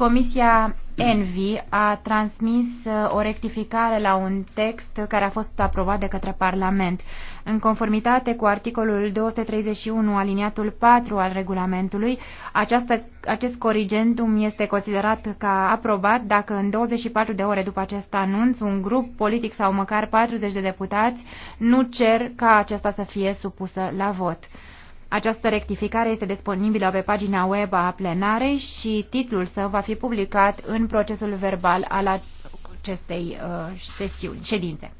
Comisia Envi a transmis uh, o rectificare la un text care a fost aprobat de către Parlament. În conformitate cu articolul 231 aliniatul 4 al regulamentului, această, acest corigentum este considerat ca aprobat dacă în 24 de ore după acest anunț un grup politic sau măcar 40 de deputați nu cer ca acesta să fie supusă la vot. Această rectificare este disponibilă pe pagina web a plenarei și titlul său va fi publicat în procesul verbal al acestei uh, sesiuni, ședințe.